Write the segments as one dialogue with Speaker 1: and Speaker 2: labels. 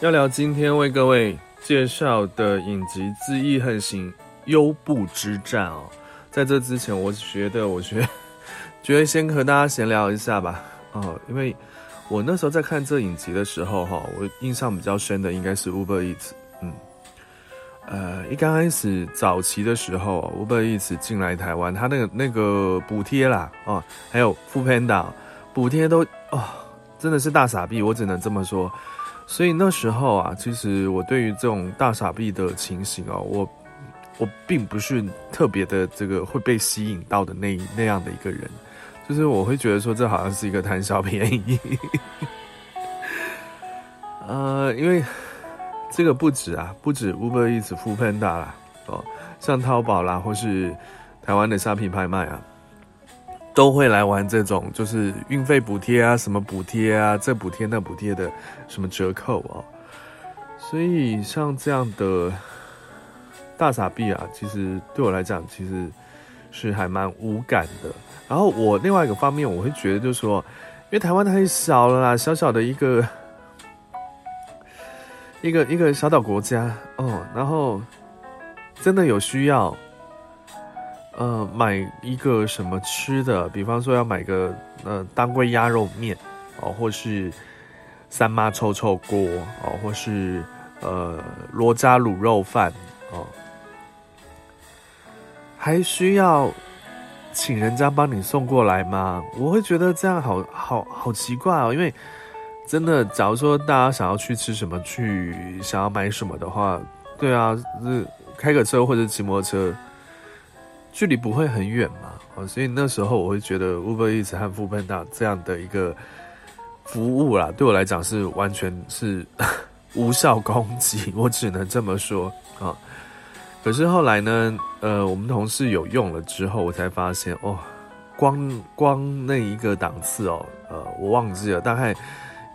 Speaker 1: 要聊今天為各位介紹的影集《恣意橫行：優步之戰》啊，哦，在這之前，我覺得我覺得覺得先和大家閒聊一下吧啊，哦，因為我那時候在看這影集的時候哈，哦，我印象比較深的應該是 Uber Eats，嗯，呃，一剛開始早期的時候，Uber Eats 進來台灣，它那個那個補貼啦，哦，還有 Foodpanda 補貼都哦，真的是大傻逼，我只能這麼說。所以那時候啊，其實我對於這種大傻逼的情形哦，我我並不是特別的這個會被吸引到的那那樣的一個人，就是我會覺得說這好像是一個貪小便宜。 呃，因為這個不止啊，不止 Uber Eats、Foodpanda 啦，哦，像淘寶啦，或是台灣的蝦皮拍賣啊。都會來玩這種，就是運費補貼啊，什麼補貼啊，這補貼那補貼的，什麼折扣哦，所以像這樣的大撒幣啊，其實對我來講，其實是還蠻無感的。然後我另外一個方面，我會覺得就是說，因為台灣太小了啦，小小的一個一個一個小島國家哦，然後真的有需要。呃，買一個什麼吃的，比方說要買個呃當歸鴨肉麵，哦，或是三媽臭臭鍋，哦，或是呃羅家滷肉飯，哦，還需要請人家幫你送過來嗎？我會覺得這樣好好好奇怪哦，因為真的，假如說大家想要去吃什麼，去想要買什麼的話，對啊，是開個車，或者騎摩托車，距離不會很遠嘛，哦，所以那時候我會覺得 Uber Eats 和 Foodpanda 這樣的一個服務啦，對我來講是完全是無效攻擊，我只能這麼說啊。可是後來呢，呃，我們同事有用了之後，我才發現哦，光光那一個檔次哦，呃，我忘記了，大概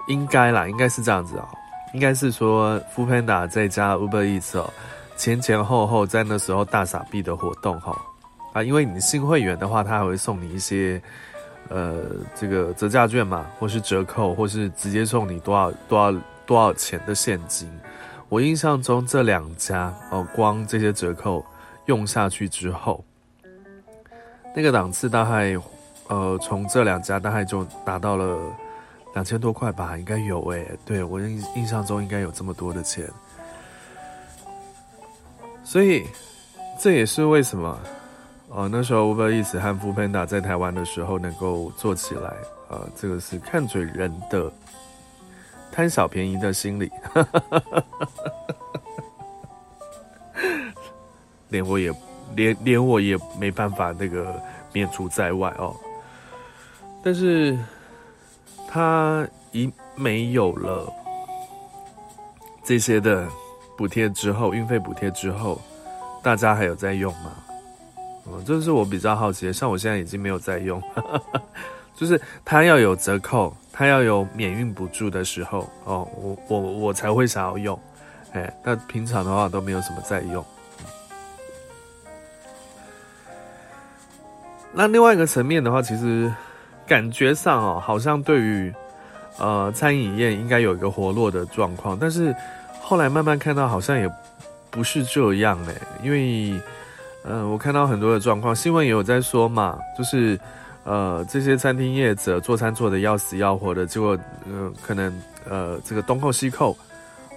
Speaker 1: 應該啦，應該是這樣子啊、哦，應該是說 Foodpanda 再加 Uber Eats 哦，前前後後在那時候大撒幣的活動哈、哦。啊，因為你新會員的話，他還會送你一些，呃，這個折價券嘛，或是折扣，或是直接送你多少多少多少錢的現金。我印象中這兩家，哦、呃，光這些折扣用下去之後，那個檔次大概，呃，從這兩家大概就達到了兩千多塊吧，應該有哎、欸，對我印印象中應該有這麼多的錢，所以這也是為什麼。哦，那時候 Uber Eats 和 Foodpanda 在台灣的時候能夠做起來，呃，這個是看準人的貪小便宜的心理， 連我也連連我也沒辦法那個免除在外哦。但是，他已沒有了這些的補貼之後，運費補貼之後，大家還有在用嗎？嗯，這是我比較好奇的，像我現在已經沒有在用，呵呵，就是它要有折扣，它要有免運補助的時候哦，我我我才會想要用，哎、欸，那平常的話都沒有什麼在用。那另外一個層面的話，其實感覺上哦，好像對於呃餐飲業應該有一個活絡的狀況，但是後來慢慢看到好像也不是這樣哎、欸，因為。嗯、呃，我看到很多的狀況，新聞也有在說嘛，就是，呃，這些餐廳業者做餐做得要死要活的，結果，呃，可能，呃，這個東扣西扣，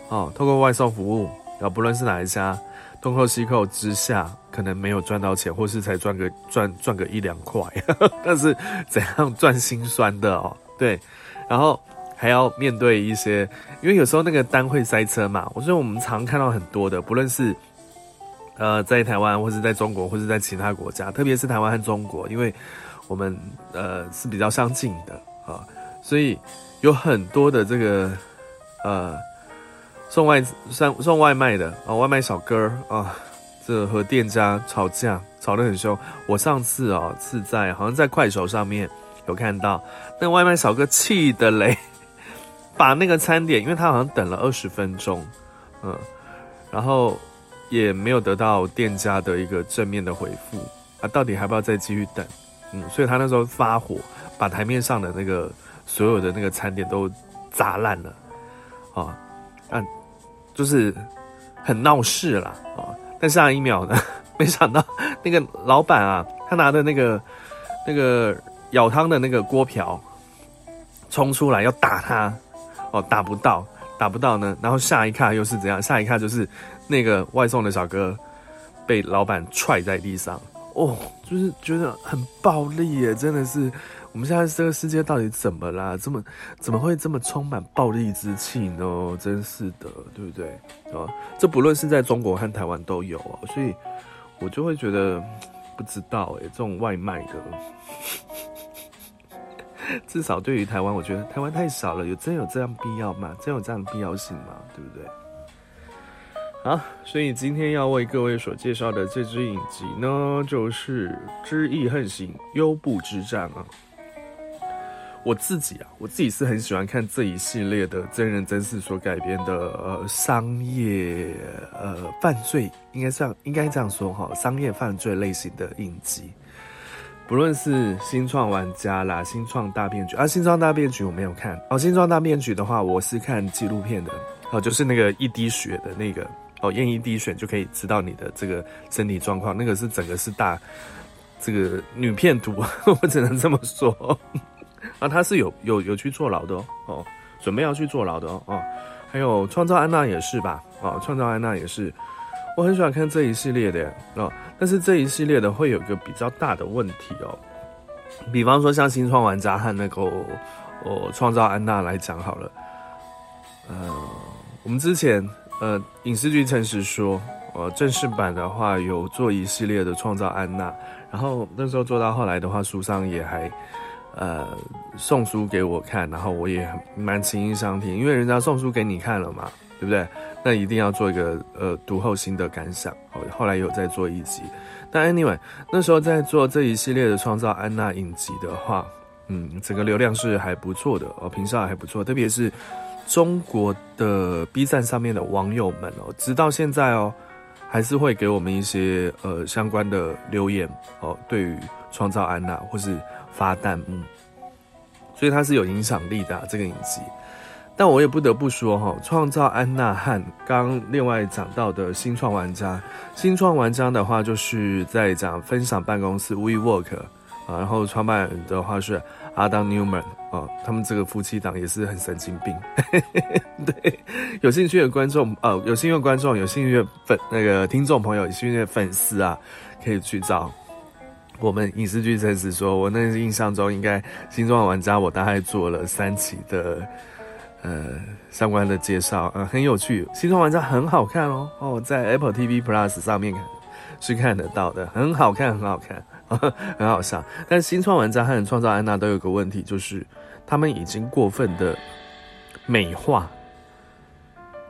Speaker 1: 哦，透過外送服務，然後不論是哪一家，東扣西扣之下，可能沒有賺到錢，或是才賺個賺賺個一兩塊，呵呵，但是怎樣賺心酸的哦，對，然後還要面對一些，因為有時候那個單會塞車嘛，我說我們常看到很多的，不論是。呃，在台灣或是在中國或是在其他國家，特別是台灣和中國，因為我們呃是比較相近的啊、呃，所以有很多的這個呃送外送送外賣的啊、哦，外賣小哥啊、呃，這和店家吵架，吵得很兇。我上次哦是在好像在快手上面有看到，那外賣小哥氣得嘞，把那個餐點，因為他好像等了二十分鐘，嗯、呃，然後。也沒有得到店家的一個正面的回復啊，到底還要不要再繼續等？嗯，所以他那時候發火，把台面上的那個所有的那個餐點都砸爛了，啊，那、啊、就是很鬧事啦。啊。但下一秒呢，沒想到那個老闆啊，他拿着那個那個舀湯的那個鍋瓢衝出來要打他，哦、啊，打不到，打不到呢。然後下一刻又是怎樣？下一刻就是。那個外送的小哥被老闆踹在地上，哦，就是覺得很暴力耶，真的是。我們現在這個世界到底怎麼啦？這麼怎麼會這麼充滿暴力之氣呢？真是的，對不對？啊，這不論是在中國和台灣都有哦。所以我就會覺得不知道誒，這種外賣的， 至少對於台灣，我覺得台灣太少了，有真有這樣必要嗎？真有這樣的必要性嗎？對不對？好，所以今天要為各位所介紹的這支影集呢，就是《恣意橫行：優步之戰》啊。我自己啊，我自己是很喜歡看這一系列的真人真事所改編的呃商業呃犯罪，應該算應該這樣說哈，商業犯罪類型的影集。不論是新《新創玩家》啦，《新創大騙局》啊，《新創大騙局》我沒有看。好、哦，《新創大騙局》的話，我是看紀錄片的，好、呃，就是那個一滴血的那個。哦，驗一滴血就可以知道你的這個身體狀況，那個是整個是大這個女騙徒，我只能這麼說。啊，他是有有有去坐牢的哦，哦，準備要去坐牢的哦哦。還有創造安娜也是吧？啊、哦，創造安娜也是，我很喜歡看這一系列的啊、哦。但是這一系列的會有一個比較大的問題哦，比方說像新創玩家、和那個我、哦、創造安娜來講好了，呃，我們之前。呃，影視劇誠實說，呃，正式版的話有做一系列的創造安娜，然後那時候做到後來的話，書商也還，呃，送書給我看，然後我也蠻輕易商品，因為人家送書給你看了嘛，對不對？那一定要做一個呃讀後心的感想。我後來有再做一集，但 anyway，那時候在做這一系列的創造安娜影集的話，嗯，整個流量是還不錯的，哦，評價還不錯，特別是。中國的 B 站上面的網友們哦，直到現在哦，還是會給我們一些呃相關的留言哦，對於創造安娜或是發彈幕、嗯，所以它是有影響力的、啊、這個影集。但我也不得不說哈、哦，創造安娜和剛另外講到的新創玩家，新創玩家的話，就是在講分享辦公室 WeWork。We Work, 然後創辦的人的話是阿當紐曼，哦，他們這個夫妻檔也是很神經病呵呵。對，有興趣的觀眾，哦，有興趣的觀眾，有興趣的粉那個聽眾朋友，有興趣的粉絲啊，可以去找我們影視劇真實說。我那個印象中，應該《新創玩家》我大概做了三期的，呃，相關的介紹，呃，很有趣，《新創玩家》很好看哦，哦，在 Apple TV Plus 上面看是看得到的，很好看，很好看。 很好笑，但是新創玩家和創造安娜都有個問題，就是他們已經過分的美化，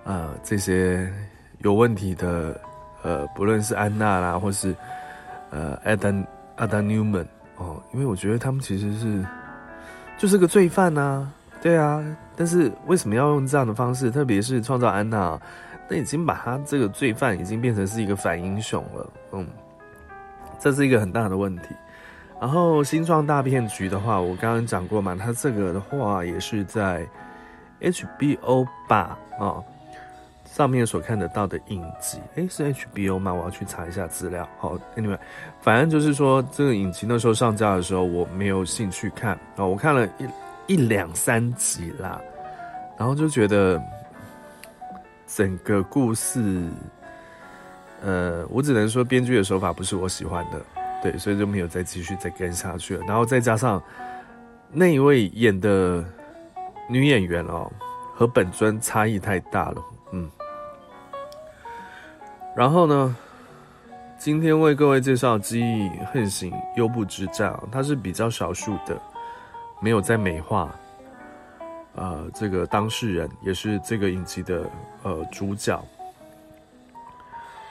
Speaker 1: 呃，這些有問題的，呃，不論是安娜啦，或是呃，Adam、Adam Newman，哦，因為我覺得他們其實是就是個罪犯吶、啊，對啊，但是為什麼要用這樣的方式？特別是創造安娜，那已經把他這個罪犯已經變成是一個反英雄了，嗯。這是一個很大的問題，然後《新創大騙局》的話，我剛剛講過嘛，它這個的話也是在 HBO 吧啊、哦、上面所看得到的影集，誒，是 HBO 嗎？我要去查一下資料。好，Anyway，反正就是說這個影集那時候上架的時候，我沒有興趣看啊、哦，我看了一一兩三集啦，然後就覺得整個故事。呃，我只能說編劇的手法不是我喜歡的，對，所以就沒有再繼續再跟下去了。然後再加上那一位演的女演員哦，和本尊差異太大了，嗯。然後呢，今天為各位介紹《恣意橫行：優步之戰》，它是比較少數的，沒有在美化，呃，這個當事人也是這個影集的呃主角。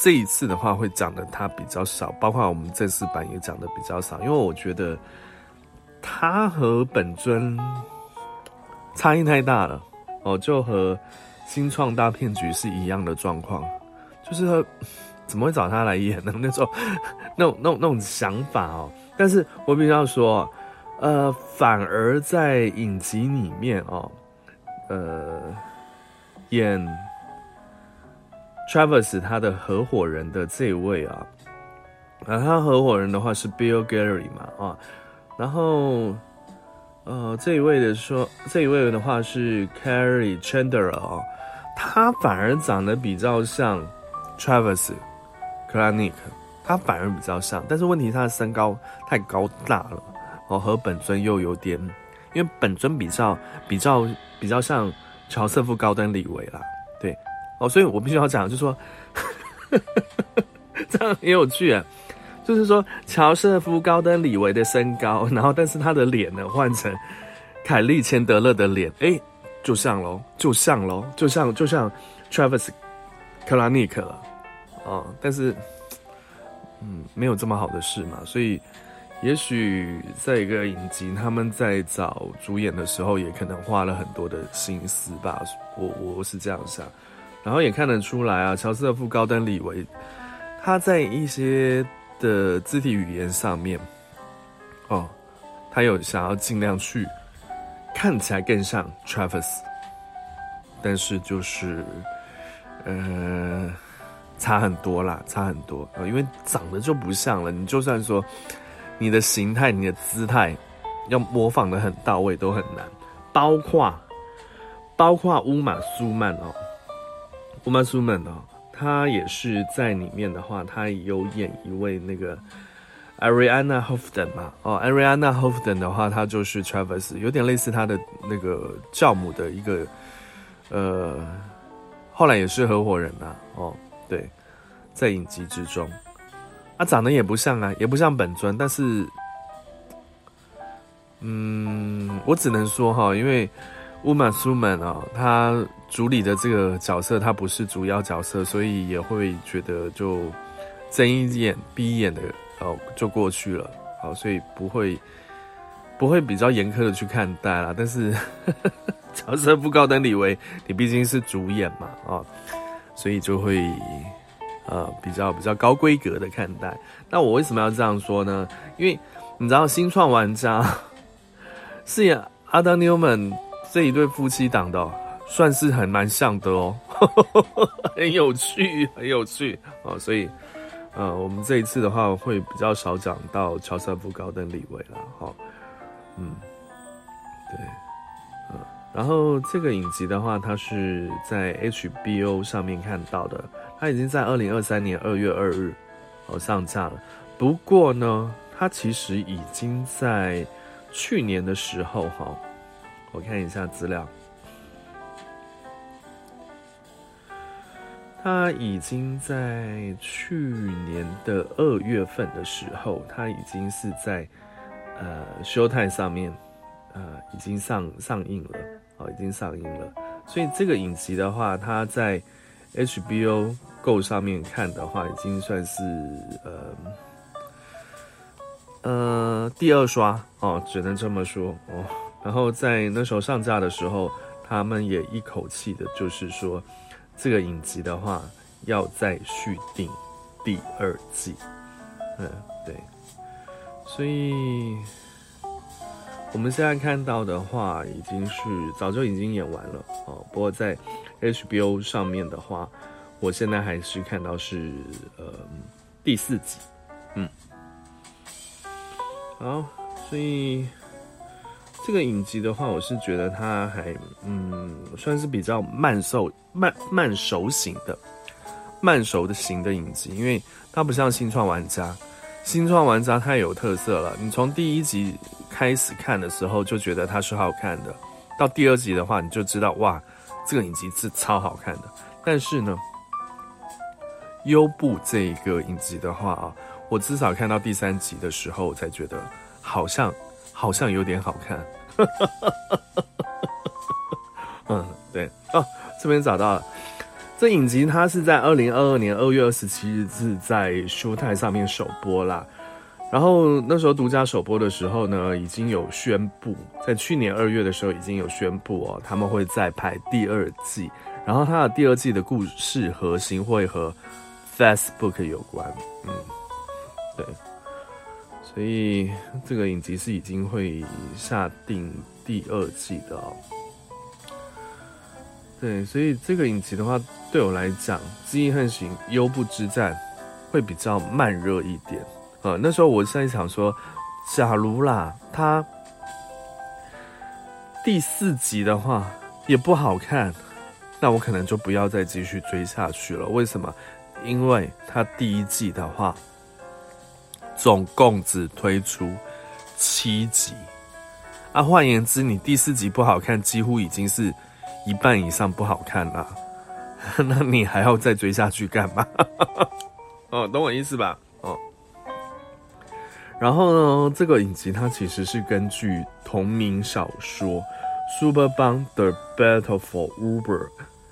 Speaker 1: 這一次的話會講的他比較少，包括我們這次版也講的比較少，因為我覺得他和本尊差異太大了哦，就和新創大騙局是一樣的狀況，就是怎麼會找他來演呢？那種那種那種那種想法哦。但是我比較說，呃，反而在影集裡面哦，呃，演。Travers 他的合夥人的這一位啊，啊，他合夥人的話是 Bill Gurley 嘛啊，然後，呃，這一位的說，這一位的話是 Kyle Chandler、啊、他反而長得比較像 Travis，Kalanick，他反而比較像，但是問題是他的身高太高大了，哦、啊，和本尊又有點，因為本尊比較比較比較像喬瑟夫·高登·李維啦，對。哦，所以我必須要講，就說， 這樣也有趣啊，就是說，喬瑟夫·高登·李維的身高，然後但是他的臉呢換成凱莉·錢德勒的臉，誒、欸，就像咯，就像咯，就像就像 Travis Kalanick 了，哦，但是，嗯，沒有這麼好的事嘛，所以也許在一個影集他們在找主演的時候，也可能花了很多的心思吧，我我是這樣想。然後也看得出來啊，喬瑟夫·高登·李維，他在一些的肢體語言上面，哦，他有想要盡量去看起來更像 Travis，但是就是，呃，差很多啦，差很多啊，哦，因為長得就不像了。你就算說你的形態、你的姿態要模仿的很到位都很難，包括包括烏瑪·舒曼哦。烏瑪蘇門啊，他也是在裡面的話，他有演一位那個艾瑞安娜·霍夫 n 嘛？哦，艾瑞安娜·霍夫 n 的話，他就是 Travers，有點類似他的那個教母的一個呃，後來也是合夥人嘛、啊？哦，對，在影集之中，啊，長得也不像啊，也不像本尊，但是，嗯，我只能說哈，因為烏瑪蘇門啊，他。主理的這個角色，他不是主要角色，所以也會覺得就睜一眼閉一眼的哦，就過去了。哦、所以不會不會比較嚴苛的去看待啦。但是呵呵角色不高登李維，你畢竟是主演嘛啊、哦，所以就會呃比較比較高規格的看待。那我為什麼要這樣說呢？因為你知道新創玩家飾演亞當紐曼這一對夫妻檔的、哦。算是還蠻像的哦， 很有趣，很有趣哦，所以，呃，我們這一次的話會比較少講到喬瑟夫·高登·李維了，哈，嗯，對、呃，然後這個影集的話，它是在 HBO 上面看到的，它已經在二零二三年二月二日哦上架了。不過呢，它其實已經在去年的時候，哈、哦，我看一下資料。他已經在去年的二月份的時候，他已經是在呃《Showtime》上面，呃，已經上上映了哦，已經上映了。所以這個影集的話，它在 HBO Go 上面看的話，已經算是呃呃第二刷哦，只能這麼說哦。然後在那時候上架的時候，他們也一口氣的，就是說。這個影集的話，要再續訂第二季，嗯，對，所以我們現在看到的話，已經是早就已經演完了啊、哦。不過在 HBO 上面的話，我現在還是看到是呃第四集，嗯，好，所以。這個影集的話，我是覺得它還，嗯，算是比較慢熟，慢慢熟型的，慢熟的型的影集，因為它不像新創玩家，新創玩家太有特色了。你從第一集開始看的時候就覺得它是好看的，到第二集的話你就知道哇，這個影集是超好看的。但是呢，優步這一個影集的話啊，我至少看到第三集的時候我才覺得好像好像有點好看。 嗯，對哦，這邊找到了。這影集它是在二零二二年二月二十七日是在書台上面首播啦。然後那時候獨家首播的時候呢，已經有宣布，在去年二月的時候已經有宣布哦，他們會再拍第二季。然後它的第二季的故事核心會和 Facebook 有關。嗯，對。所以這個影集是已經會下定第二季的哦。對，所以這個影集的話，對我來講，《恣意橫行：優步之戰》會比較慢熱一點。呃，那時候我現在想說，假如啦，它第四集的話也不好看，那我可能就不要再繼續追下去了。為什麼？因為它第一季的話。總共只推出七集。啊，換言之，你第四集不好看，幾乎已經是一半以上不好看了， 那你還要再追下去幹嘛？ 哦，懂我意思吧？哦，然後呢，這個影集它其實是根據同名小說《Super Pumped: The Battle for Uber》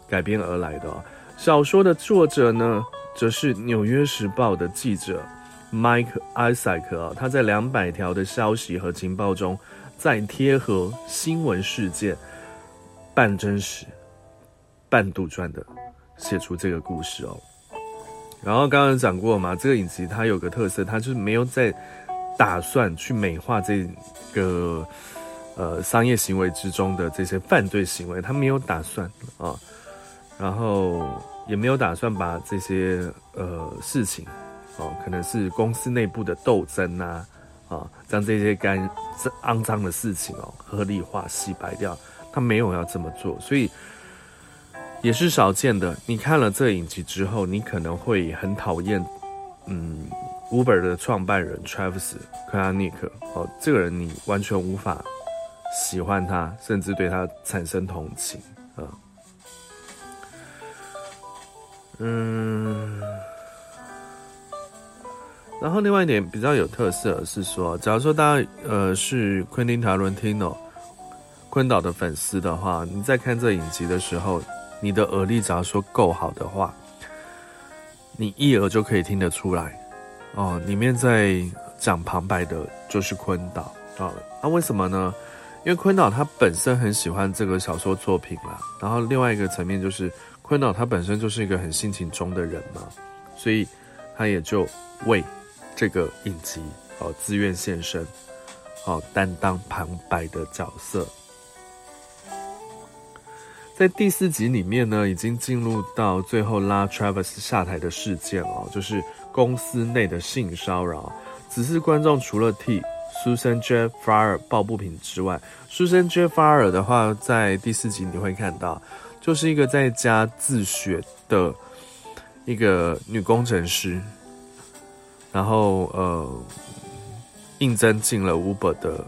Speaker 1: 改編而來的。小說的作者呢，則是《紐約時報》的記者。Mike Isaac 啊，他在兩百條的消息和情報中，在貼合新聞事件半真實、半杜撰，的寫出這個故事哦。然後剛剛講過嘛，這個影集它有個特色，它就是沒有在打算去美化這個呃商業行為之中的這些犯罪行為，它沒有打算啊、哦，然後也沒有打算把這些呃事情。哦，可能是公司內部的鬥爭吶、啊，啊、哦，將這些幹這骯髒的事情哦合理化洗白掉，他沒有要這麼做，所以也是少見的。你看了這影集之後，你可能會很討厭，嗯，Uber 的創辦人 Travis Kalanick 哦，這個人你完全無法喜歡他，甚至對他產生同情，啊、哦，嗯。然後另外一點比較有特色的是說，假如說大家呃是昆汀塔倫蒂諾昆島的粉絲的話，你在看這影集的時候，你的耳力只要說夠好的話，你一耳就可以聽得出來哦，裡面在講旁白的就是昆島、哦、啊。那為什麼呢？因為昆島他本身很喜歡這個小說作品啦。然後另外一個層面就是昆島他本身就是一個很性情中的人嘛，所以他也就為。這個影集哦，自願現身哦，擔當旁白的角色，在第四集裡面呢，已經進入到最後拉 Travis 下台的事件哦，就是公司內的性騷擾。只是觀眾除了替 Susan Jeffre Farr 抱、er、不平之外，Susan Jeffre Farr、er、的話，在第四集你會看到，就是一個在家自學的一個女工程師。然後，呃，應徵進了 Uber 的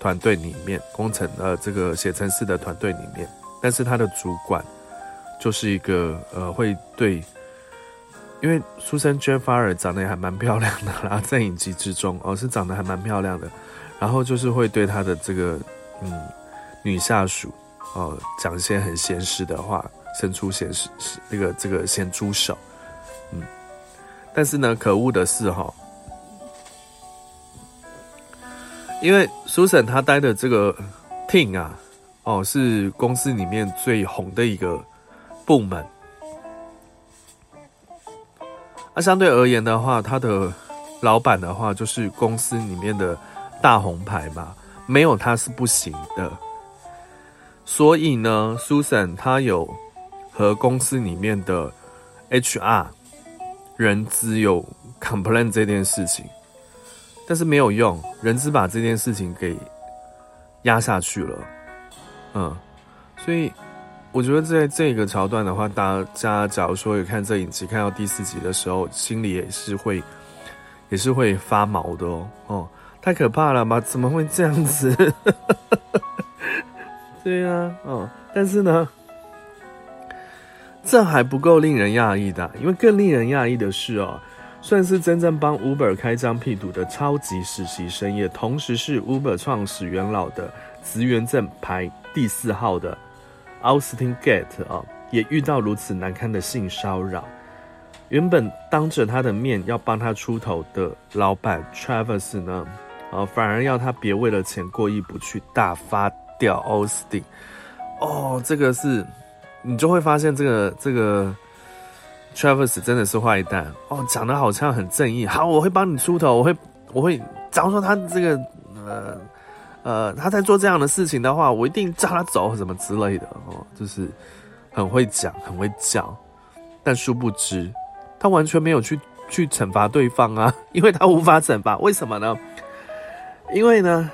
Speaker 1: 團隊裡面，工程呃這個寫程式的團隊裡面。但是他的主管就是一個呃會對，因為蘇珊·詹法爾長得也還蠻漂亮的啦，在影集之中哦是長得還蠻漂亮的，然後就是會對他的這個嗯女下屬哦、呃、講一些很鹹濕的話，伸出鹹濕那個這個鹹豬手，嗯。但是呢，可惡的是哈，因為 Susan 他待的這個 team 啊，哦是公司裡面最紅的一個部門。那、啊、相對而言的話，他的老闆的話就是公司裡面的大紅牌嘛，沒有他是不行的。所以呢，Susan 他有和公司裡面的 HR。人資有 complain 這件事情，但是沒有用，人資把這件事情給壓下去了，嗯，所以我覺得在這個橋段的話，大家假如說有看這影集，看到第四集的時候，心裡也是會也是會發毛的哦，哦，太可怕了吧？怎麼會這樣子？ 對啊，哦、嗯，但是呢。這還不夠令人訝異的、啊，因為更令人訝異的是哦，算是真正幫 Uber 開張闢堵的超級實習生，也同時是 Uber 創始元老的職員證排第四號的奧斯汀·蓋特啊，也遇到如此難堪的性騷擾。原本當着他的面要幫他出頭的老闆 Travis 呢，啊、哦，反而要他別為了錢過意不去，大發掉奧斯汀。哦，這個是。你就會發現，這個，這個這個，Travis 真的是壞蛋哦，講得好像很正義。好，我會幫你出頭，我會我會，假如說他這個呃呃他在做這樣的事情的話，我一定叫他走什麼之類的哦，就是很會講，很會講。但殊不知，他完全沒有去去懲罰對方啊，因為他無法懲罰。為什麼呢？因為呢，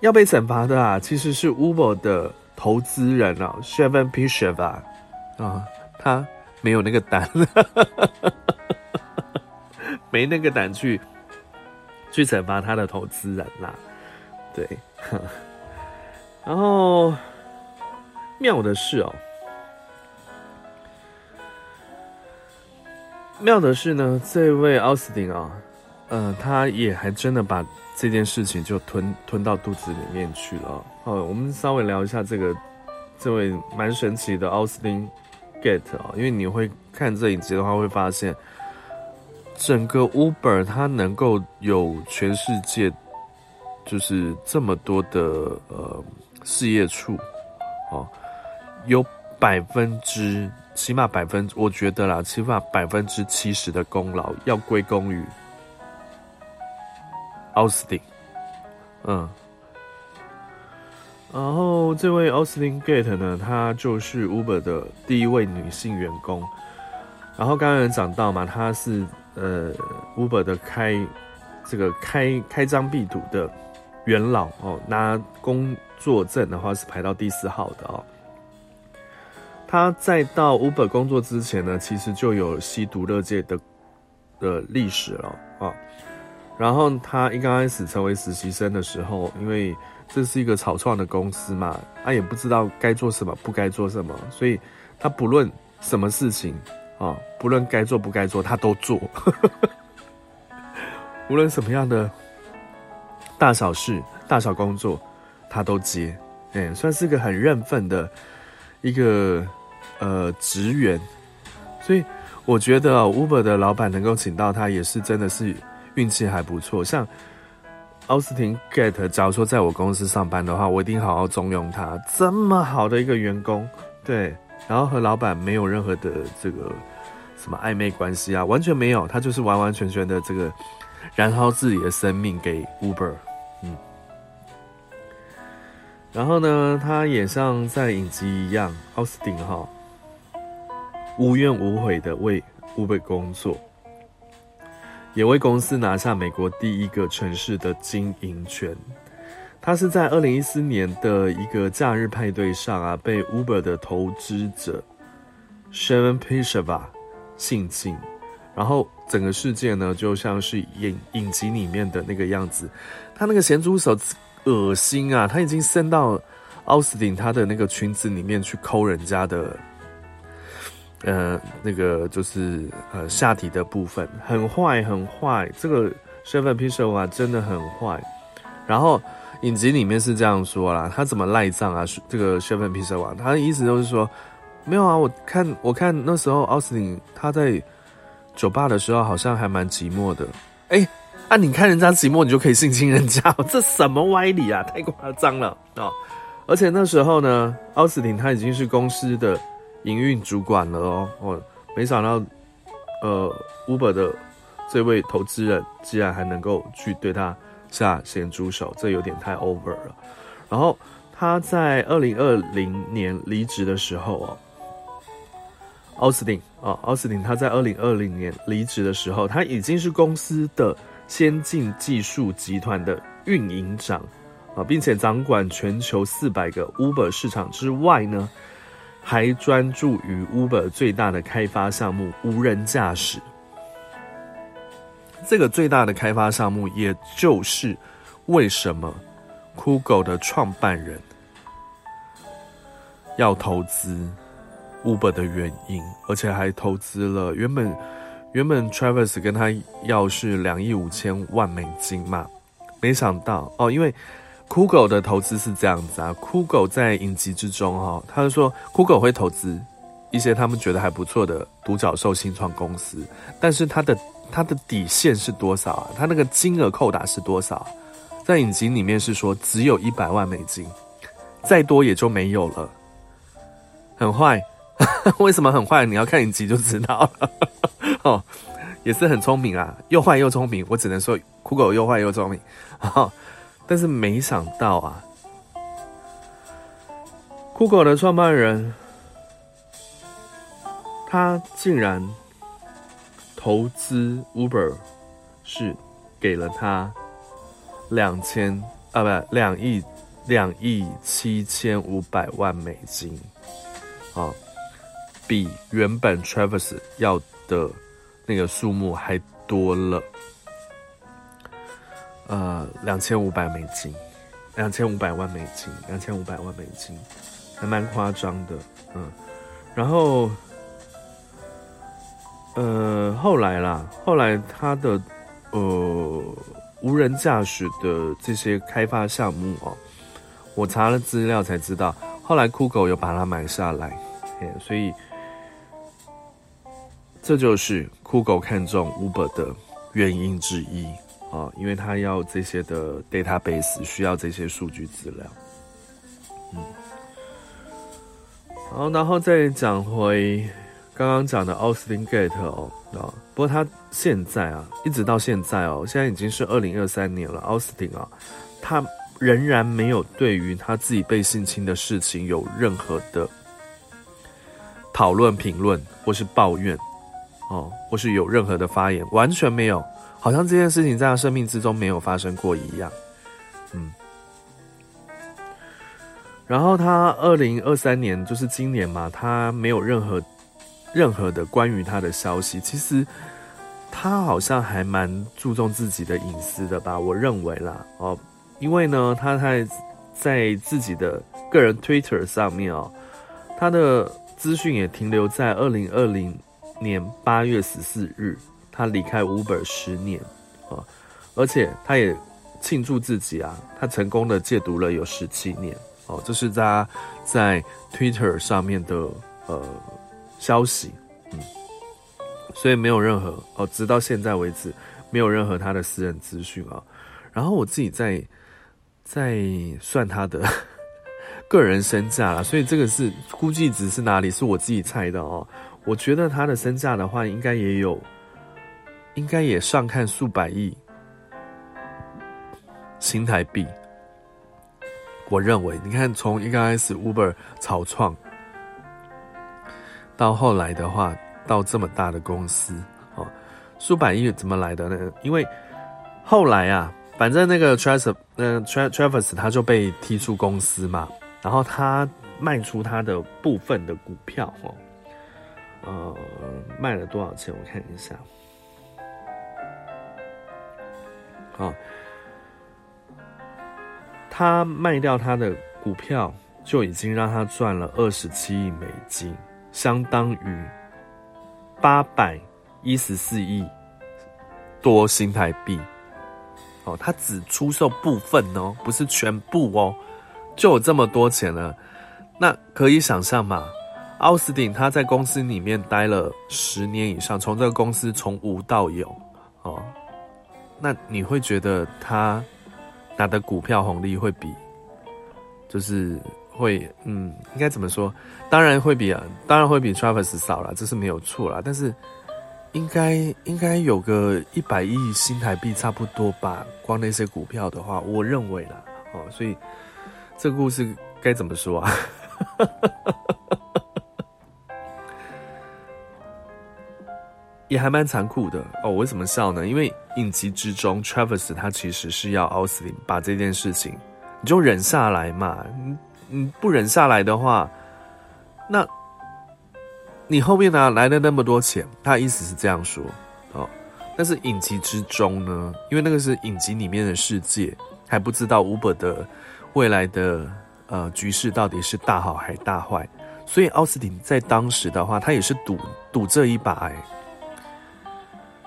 Speaker 1: 要被懲罰的啊，其實是 Uber 的投資人啊，Shervin Pishevar 啊、哦，他沒有那個膽， 沒那個膽去去懲罰他的投資人啦，對，然後妙的是哦，妙的是呢，這位奧斯汀啊、哦，呃，他也還真的把這件事情就吞吞到肚子裡面去了。哦，我們稍微聊一下這個這位蠻神奇的奧斯汀。get 啊，因為你會看這影集的話，會發現整個 Uber 它能夠有全世界就是這麼多的呃事業處，啊、哦，有百分之起碼百分，我覺得啦，起碼百分之七十的功勞要歸功於奧斯汀，嗯。然後這位奧斯汀蓋特呢，她就是 Uber 的第一位女性員工。然後剛剛也講到嘛，她是呃 Uber 的開這個開開張必讀的元老哦。拿工作證的話是排到第四號的哦。她在到 Uber 工作之前呢，其實就有吸毒勒戒的的歷史了啊、哦。哦然後他一剛開始成為實習生的時候，因為這是一個草創的公司嘛，他、啊、也不知道該做什麼，不該做什麼，所以他不論什麼事情啊、哦，不論該做不該做，他都做。 無論什麼樣的大小事、大小工作，他都接，哎、嗯，算是一個很認份的一個呃職員。所以我覺得、哦、Uber 的老闆能夠請到他，也是真的是。運氣還不錯，像奧斯汀 get，假如說在我公司上班的話，我一定好好重用他，這麼好的一個員工，對，然後和老闆沒有任何的這個什麼曖昧關係啊，完全沒有，他就是完完全全的這個燃燒自己的生命給 Uber，嗯。然後呢，他也像在影集一樣，奧斯汀哈，無怨無悔的為 Uber 工作。也為公司拿下美國第一個城市的經營權。他是在二零一四年的一個假日派對上啊，被 Uber 的投資者 Shervin Pishevar 性侵，然後整個世界呢，就像是影影集裡面的那個樣子。他那個鹹豬手噁心啊，他已經伸到奧斯汀他的那個裙子裡面去摳人家的。呃，那個就是呃，下體的部分很壞，很壞。這個沙文皮謝瓦真的很壞。然後影集裡面是這樣說啦，他怎麼賴賬啊？這個沙文皮謝瓦，他的意思就是說，沒有啊。我看，我看那時候奧斯汀他在酒吧的時候，好像還蠻寂寞的。哎，啊，你看人家寂寞，你就可以性侵人家，這什麼歪理啊？太誇張了啊。哦！而且那時候呢，奧斯汀他已經是公司的，營運主管了哦，我、哦、沒想到，呃，Uber 的這位投資人竟然還能夠去對他下鹹豬手，這有點太 over 了。然後他在二零二零年離職的時候哦，奧斯汀啊，奧、哦、斯汀他在二零二零年離職的時候，他已經是公司的先進技術集團的運營長啊、哦，並且掌管全球四百個 Uber 市場之外呢。還專注於 Uber 最大的開發項目——無人駕駛。這個最大的開發項目，也就是為什麼 Google 的創辦人要投資 Uber 的原因，而且還投資了原本原本 Travis 跟他要是兩億五千萬美金嘛，沒想到哦，因為。Google 的投資是這樣子啊，Google 在影集之中哈、哦，他就說 Google 會投資一些他們覺得還不錯的獨角獸新創公司，但是他的他的底線是多少啊？他那個金額扣打是多少、啊？在影集裡面是說只有一百萬美金，再多也就沒有了，很壞。為什麼很壞？你要看影集就知道了呵呵哦，也是很聰明啊，又壞又聰明，我只能說 Google 又壞又聰明。哦但是沒想到啊，Google 的創辦人，他竟然投資 Uber 是給了他兩千啊不兩億兩億七千五百萬美金，啊，比原本 Travis 要的那個數目還多了。呃，兩千五百美金，兩千五百萬美金，兩千五百萬美金，還蠻誇張的，嗯。然後，呃，後來啦，後來他的呃無人駕駛的這些開發項目哦，我查了資料才知道，後來 Google 有把它買下來，嘿，所以這就是 Google 看中 Uber 的原因之一。啊，因為他要這些的 database，需要這些數據資料。嗯，好，然後再講回剛剛講的 Austin Gate 哦，啊、哦，不過他現在啊，一直到現在哦，現在已經是二零二三年了，Austin 啊，他仍然沒有對於他自己被性侵的事情有任何的討論、評論或是抱怨，哦，或是有任何的發言，完全沒有。好像這件事情在他生命之中沒有發生過一樣，嗯。然後他二零二三年，就是今年嘛，他沒有任何任何的關於他的消息。其實他好像還蠻注重自己的隱私的吧？我認為啦，哦，因為呢，他在在自己的個人 Twitter 上面哦，他的資訊也停留在二零二零年八月十四日。他離開 Uber 十年啊，哦，而且他也慶祝自己啊，他成功的戒毒了有十七年哦，這是他在 Twitter 上面的呃消息，嗯，所以沒有任何哦，直到現在為止沒有任何他的私人資訊啊，哦。然後我自己在在算他的個人身價了，所以這個是估計值，是哪裡是我自己猜的哦，我覺得他的身價的話應該也有。應該也上看數百億新台幣。我認為，你看從一開始 Uber 草創，到後來的話，到這麼大的公司，哦，數百億怎麼來的呢？因為後來啊，反正那個 Travis，嗯，Tr Travis 他就被踢出公司嘛，然後他賣出他的部分的股票，哦，呃，賣了多少錢？我看一下。啊、哦，他賣掉他的股票，就已經讓他賺了二十七億美金，相當於八百一十四億多新台幣。哦，他只出售部分哦，不是全部哦，就有這麼多錢了。那可以想象嘛，奧斯汀他在公司裡面待了十年以上，從這個公司從無到有，哦。那你會覺得他拿的股票紅利會比，就是會，嗯，應該怎麼說？當然會比啊，當然會比 Travis 少啦，這是沒有錯啦。但是應該應該有個一百億新台幣差不多吧，光那些股票的話，我認為啦，哦。所以這個故事該怎麼說啊？ 也還蠻殘酷的哦。我為什麼笑呢？因為影集之中，Travis 他其實是要奧斯汀把這件事情，你就忍下來嘛。你你不忍下來的話，那，你後面呢、啊、來了那麼多錢，他意思是這樣說哦。但是影集之中呢，因為那個是影集裡面的世界，還不知道 Uber 的未來的呃局勢到底是大好還是大壞，所以奧斯汀在當時的話，他也是賭賭這一把哎、欸。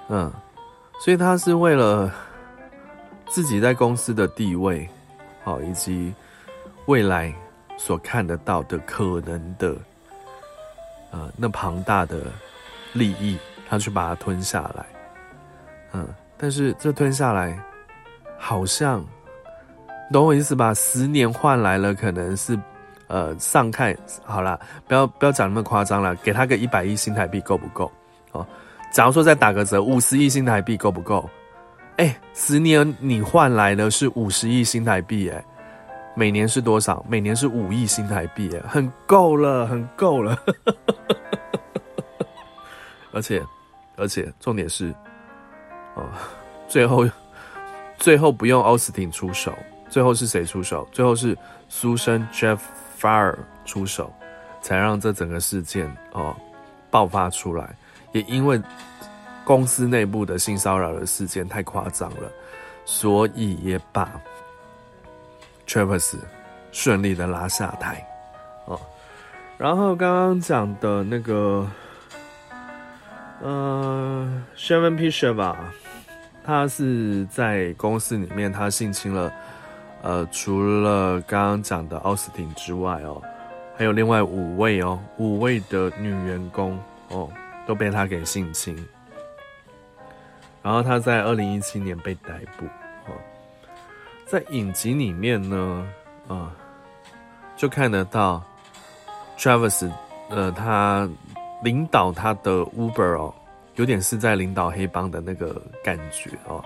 Speaker 1: 嗯，所以他是為了自己在公司的地位，好、哦、以及未來所看得到的可能的，呃，那龐大的利益，他去把它吞下來。嗯，但是這吞下來，好像，懂我意思吧？十年換來了可能是，呃，上看，好啦，不要不要講那麼誇張了，給他個一百億新台幣夠不夠？哦。假如說再打個折，五十億新台幣夠不夠？哎，十年你換來的是五十億新台幣，哎，每年是多少？每年是五億新台幣，哎，很夠了，很夠了。 而且，而且，重點是，哦，最後，最後不用 Austin 出手，最後是誰出手？最後是 Susan J. Fowler 出手，才讓這整個事件哦爆發出來。也因為公司內部的性騷擾的事件太誇張了，所以也把 Travis 順利的拉下台哦。然後剛剛講的那個，嗯、呃、Shervin Pishevar，他是在公司裡面他性侵了，呃，除了剛剛講的 Austin 之外哦，還有另外五位哦，五位的女員工哦。都被他給性侵，然後他在二零一七年被逮捕。哦，在影集裡面呢，啊，就看得到，Travis，呃，他領導他的 Uber 哦，有點是在領導黑幫的那個感覺哦。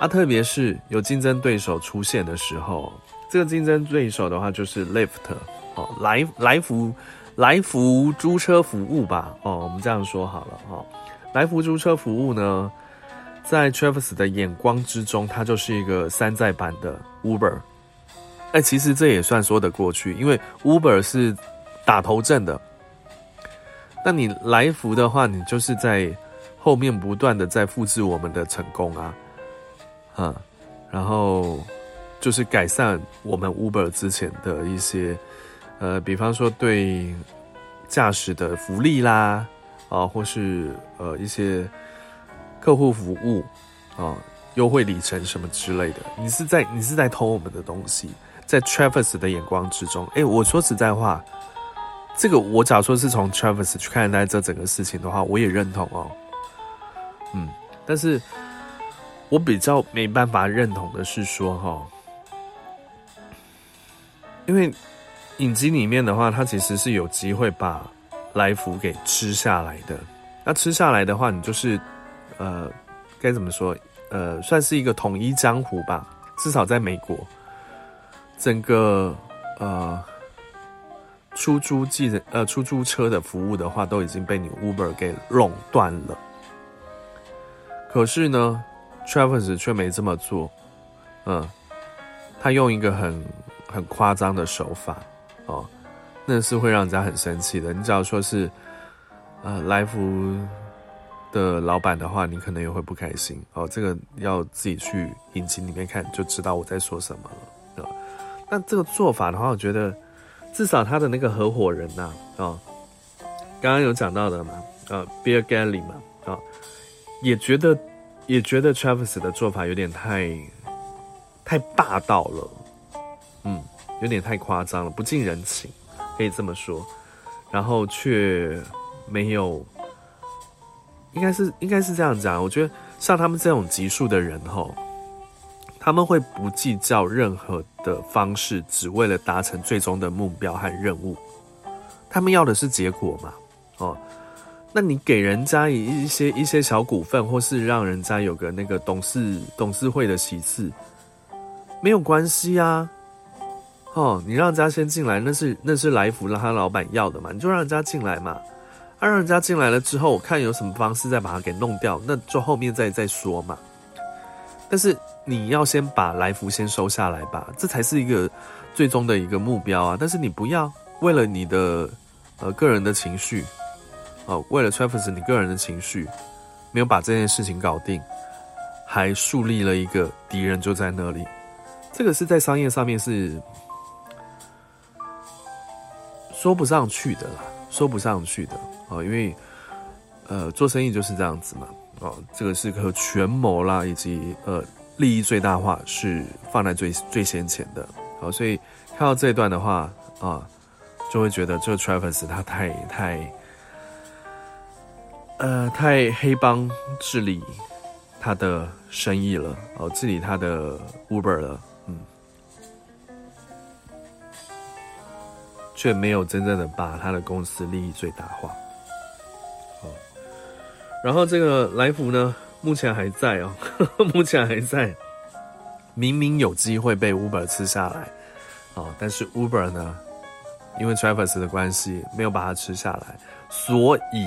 Speaker 1: 啊，特別是有競爭對手出現的時候，這個競爭對手的話就是 Lyft 哦，來來福。來福租車服務吧，哦，我們這樣說好了哈、哦。來福租車服務呢，在 Travis 的眼光之中，它就是一個山寨版的 Uber。哎、欸，其實這也算說得過去，因為 Uber 是打頭陣的。那你來福的話，你就是在後面不斷的在複製我們的成功啊，哈、嗯，然後就是改善我們 Uber 之前的一些。呃，比方說對駕駛的福利啦，啊、呃，或是呃一些客戶服務，啊、呃，優惠里程什麼之類的，你是在你是在偷我們的東西，在 Travis 的眼光之中，誒，我說實在話，這個我假如說是從 Travis 去看待這整個事情的話，我也認同哦，嗯，但是我比較沒辦法認同的是說哈、哦，因為。影集裡面的話，他其實是有機會把來福給吃下來的。那吃下來的話，你就是，呃，該怎麼說？呃，算是一個統一江湖吧。至少在美國，整個呃，出租計的呃出租車的服務的話，都已經被你 Uber 給壟斷了。可是呢，Travis 卻沒這麼做。嗯、呃，他用一個很很誇張的手法。哦，那是會讓人家很生氣的。你只要說是，呃，來福的老闆的話，你可能也會不開心。哦，這個要自己去引擎裡面看，就知道我在說什麼了，啊、哦，那這個做法的話，我覺得至少他的那個合夥人吶，啊，剛、哦、剛有講到的嘛，呃、哦、Bill Gurley 嘛，啊、哦，也覺得也覺得 Travis 的做法有點太，太霸道了，嗯。有點太誇張了，不近人情，可以這麼說。然後卻沒有，應該是，應該是這樣講。我覺得像他們這種級數的人吼，他們會不計較任何的方式，只為了達成最終的目標和任務。他們要的是結果嘛。哦，那你給人家一一些一些小股份，或是讓人家有個那個董事董事會的席次，沒有關係啊。哦，你讓人家先進來，那是那是來福讓他老闆要的嘛？你就讓人家進來嘛。啊，讓人家進來了之後，我看有什麼方式再把他給弄掉，那就後面再再說嘛。但是你要先把來福先收下來吧，這才是一個最終的一個目標啊。但是你不要為了你的呃個人的情緒，哦，為了 Travis 你個人的情緒，沒有把這件事情搞定，還樹立了一個敵人就在那裡。這個是在商業上面是。說不上去的啦，說不上去的啊、哦，因為，呃，做生意就是這樣子嘛，哦，這個是和權謀啦，以及呃利益最大化是放在最最先前的，好、哦，所以看到這段的話啊、哦，就會覺得這個 Travis 他太太，呃，太黑幫治理他的生意了，哦，治理他的 Uber 了。卻沒有真正的把他的公司利益最大化。哦，然後這個來福呢，目前還在啊、哦，目前還在。明明有機會被 Uber 吃下來，哦，但是 Uber 呢，因為 Travis 的關係，沒有把它吃下來，所以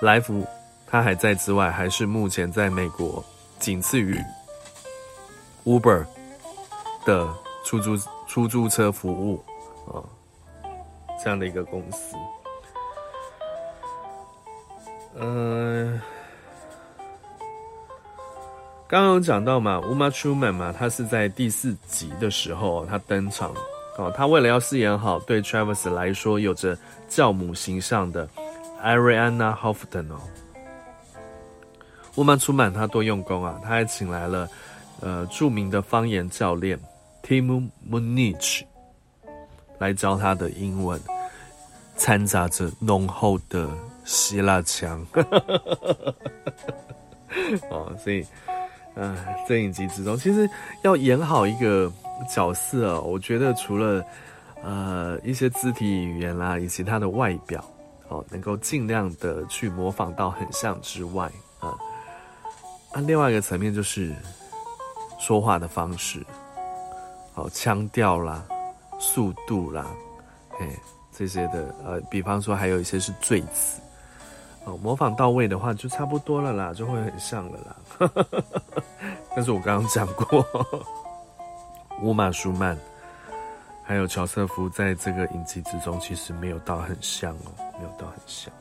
Speaker 1: 來福他還在之外，還是目前在美國僅次於 Uber 的出租出租車服務。這樣的一個公司，嗯、呃，剛剛有講到嘛，烏瑪·舒曼嘛，他是在第四集的時候他登場哦，他為了要飾演好對 Travis 來說有着教母形象的艾瑞安娜·霍夫頓哦，烏瑪·舒曼他多用功啊，他還請來了呃著名的方言教練 Tim Munich。來教他的英文，摻雜着濃厚的希臘腔 哦，所以嗯，這、呃、影集之中，其實要演好一個角色、哦、我覺得除了呃一些肢體語言啦，以及他的外表哦，能夠盡量的去模仿到很像之外，呃、啊，那另外一個層面就是說話的方式，哦，腔調啦。速度啦，嘿，這些的，呃，比方說還有一些是醉詞，哦，模仿到位的話就差不多了啦，就會很像了啦。呵呵呵，但是我剛剛講過，烏瑪舒曼還有喬瑟夫在這個影集之中，其實沒有到很像哦，沒有到很像。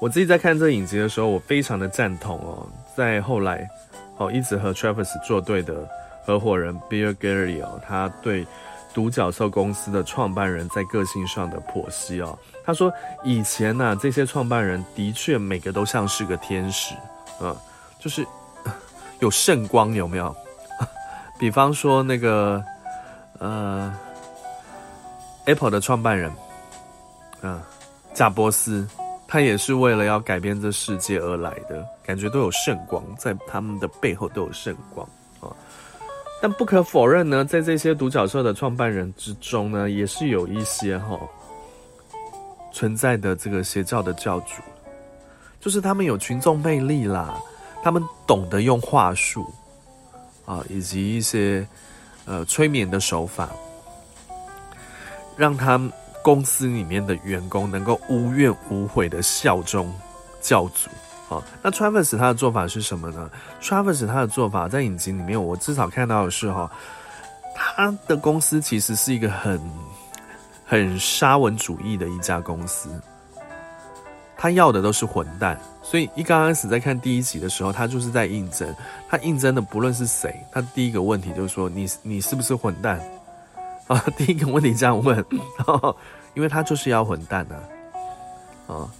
Speaker 1: 我自己在看這個影集的時候，我非常的贊同哦。在後來，哦，一直和 Travis 作對的。合夥人 Bill Gurley 哦，他對獨角獸公司的創辦人在個性上的剖析哦，他說以前呢、啊，這些創辦人的確每個都像是個天使，嗯，就是有聖光有沒有？比方說那個呃 Apple 的創辦人，嗯，賈伯斯，他也是為了要改變這世界而來的，感覺都有聖光，在他們的背後都有聖光。但不可否認呢，在這些獨角獸的創辦人之中呢，也是有一些哈、哦、存在的這個邪教的教主，就是他們有群眾魅力啦，他們懂得用話術啊，以及一些呃催眠的手法，讓他們公司裡面的員工能夠無怨無悔的效忠教主。那 Travis 他的做法是什麼呢？Travis 他的做法在影集裡面，我至少看到的是哈、哦，他的公司其實是一個很很沙文主義的一家公司，他要的都是混蛋。所以一剛開始在看第一集的時候，他就是在應徵，他應徵的不論是誰，他第一個問題就是說你：“你你是不是混蛋？”啊，第一個問題這樣問，呵呵因為他就是要混蛋的、啊，啊、哦，